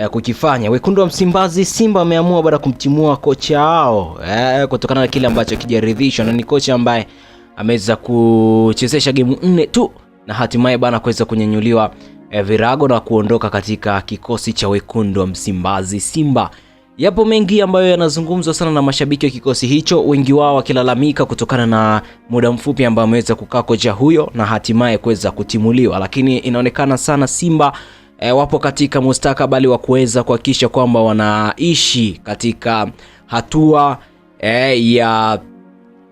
eh, kukifanya. Wekundu wa Msimbazi Simba wameamua baada kumtimua kocha wao eh, kutokana na kile ambacho kijaridhishwa na ni kocha ambaye ameweza kuchezesha gemu nne tu na hatimaye bana kuweza kunyanyuliwa eh, virago na kuondoka katika kikosi cha Wekundu wa Msimbazi Simba. Yapo mengi ambayo yanazungumzwa sana na mashabiki wa kikosi hicho, wengi wao wakilalamika kutokana na muda mfupi ambao ameweza kukaa kocha huyo na hatimaye kuweza kutimuliwa, lakini inaonekana sana Simba e, wapo katika mustakabali wa kuweza kuhakikisha kwamba wanaishi katika hatua e, ya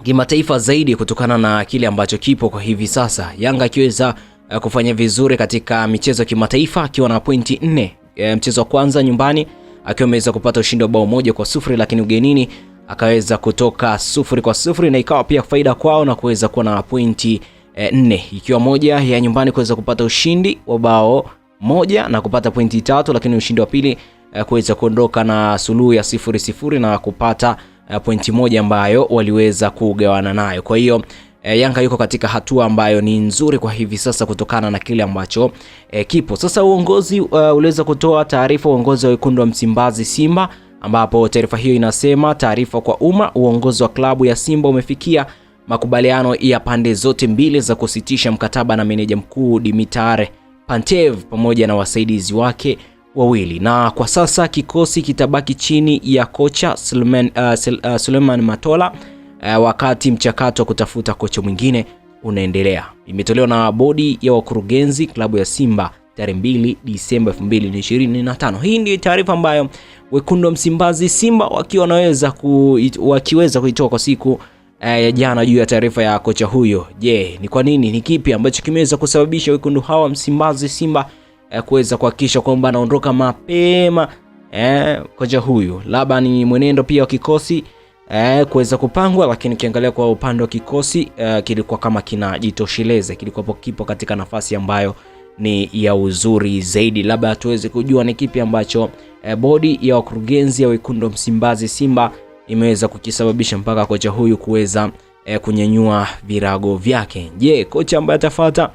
kimataifa zaidi kutokana na kile ambacho kipo kwa hivi sasa. Yanga akiweza e, kufanya vizuri katika michezo ya kimataifa akiwa na pointi nne, e, mchezo wa kwanza nyumbani akiwa ameweza kupata ushindi wa bao moja kwa sufuri lakini ugenini akaweza kutoka sufuri kwa sufuri na ikawa pia faida kwao na kuweza kuwa na pointi e, nne, ikiwa moja ya nyumbani kuweza kupata ushindi wa bao moja na kupata pointi tatu, lakini ushindi wa pili eh, kuweza kuondoka na suluhu ya sifuri sifuri na kupata eh, pointi moja ambayo waliweza kugawana nayo. Kwa hiyo e, Yanga yuko katika hatua ambayo ni nzuri kwa hivi sasa kutokana na kile ambacho e, kipo sasa. Uongozi uh, uliweza kutoa taarifa, uongozi wa wekundu wa Msimbazi Simba, ambapo taarifa hiyo inasema: taarifa kwa umma, uongozi wa klabu ya Simba umefikia makubaliano ya pande zote mbili za kusitisha mkataba na meneja mkuu Dimitare Pantev pamoja na wasaidizi wake wawili, na kwa sasa kikosi kitabaki chini ya kocha suleman uh, Suleman uh, Matola uh, wakati mchakato wa kutafuta kocha mwingine unaendelea. Imetolewa na bodi ya wakurugenzi klabu ya Simba tarehe 2 Disemba 2025. Hii ndio taarifa ambayo wekundu wa Msimbazi Simba wakiwa wanaweza ku, wakiweza kuitoa kwa siku ya eh, jana juu ya taarifa ya kocha huyo. Je, ni kwa nini? Ni kipi ambacho kimeweza kusababisha wekundu hawa Msimbazi Simba eh, kuweza kuhakikisha kwamba anaondoka mapema eh, kocha huyu? Labda ni mwenendo pia wa kikosi eh, kuweza kupangwa, lakini ukiangalia kwa upande wa kikosi eh, kilikuwa kama kinajitosheleza, kilikuwa kipo katika nafasi ambayo ni ya uzuri zaidi. Labda tuweze kujua ni kipi ambacho eh, bodi ya wakurugenzi ya wekundu Msimbazi Simba imeweza kukisababisha mpaka kocha huyu kuweza e, eh, kunyanyua virago vyake. Je, kocha ambaye atafuata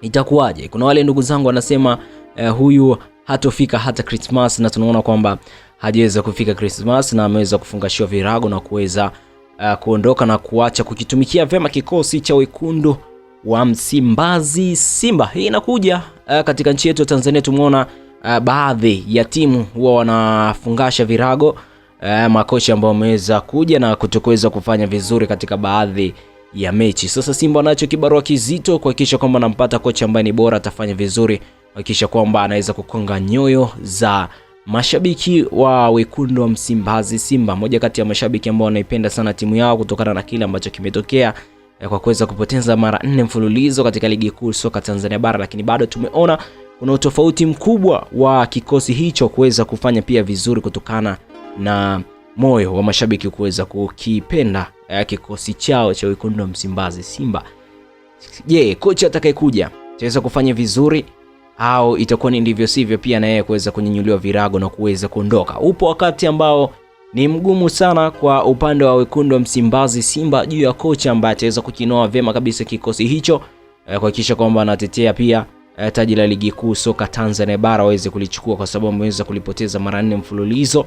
itakuwaje? Kuna wale ndugu zangu wanasema e, huyu hatofika hata Christmas, na tunaona kwamba hajaweza kufika Christmas na ameweza kufungashiwa virago na kuweza uh, kuondoka na kuacha kukitumikia vyema kikosi cha wekundu wa Msimbazi Simba. Hii inakuja uh, katika nchi yetu ya Tanzania. Tumeona uh, baadhi ya timu huwa wanafungasha virago eh, makocha ambao wameweza kuja na kutokuweza kufanya vizuri katika baadhi ya mechi. Sasa Simba anacho kibarua kizito kuhakikisha kwamba anampata kocha ambaye ni bora, atafanya vizuri kuhakikisha kwamba anaweza kukonga nyoyo za mashabiki wa wekundu wa Msimbazi. Simba moja kati ya mashabiki ambao wanaipenda sana timu yao kutokana na kile ambacho kimetokea eh, kwa kuweza kupoteza mara nne mfululizo katika ligi kuu soka Tanzania bara, lakini bado tumeona kuna utofauti mkubwa wa kikosi hicho kuweza kufanya pia vizuri kutokana na moyo wa mashabiki kuweza kukipenda eh, kikosi chao cha wekundu wa Msimbazi, Simba. Je, kocha atakayekuja ataweza kufanya vizuri au itakuwa ni ndivyo sivyo, pia na yeye kuweza kunyanyuliwa virago na kuweza kuondoka? Upo wakati ambao ni mgumu sana kwa upande wa wekundu wa Msimbazi, Simba, juu ya kocha ambaye ataweza kukinoa vyema kabisa kikosi hicho eh, kuhakikisha kwamba anatetea pia eh, taji la ligi kuu soka Tanzania bara waweze kulichukua, kwa sababu ameweza kulipoteza mara nne mfululizo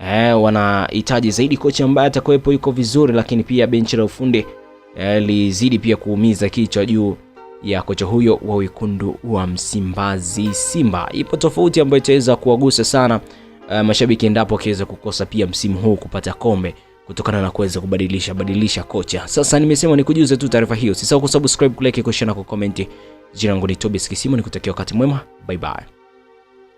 eh, wanahitaji zaidi kocha ambaye atakuwepo yuko vizuri, lakini pia benchi la ufundi eh, lizidi pia kuumiza kichwa juu ya kocha huyo wa wekundu wa Msimbazi Simba. Ipo tofauti ambayo itaweza kuwagusa sana eh, mashabiki endapo akiweza kukosa pia msimu huu kupata kombe kutokana na kuweza kubadilisha badilisha kocha. Sasa nimesema nikujuze tu taarifa hiyo. Usisahau kusubscribe, kulike, kushare na kucomment. Jina langu ni Tobias Kisimo, nikutakia wakati mwema. Bye bye.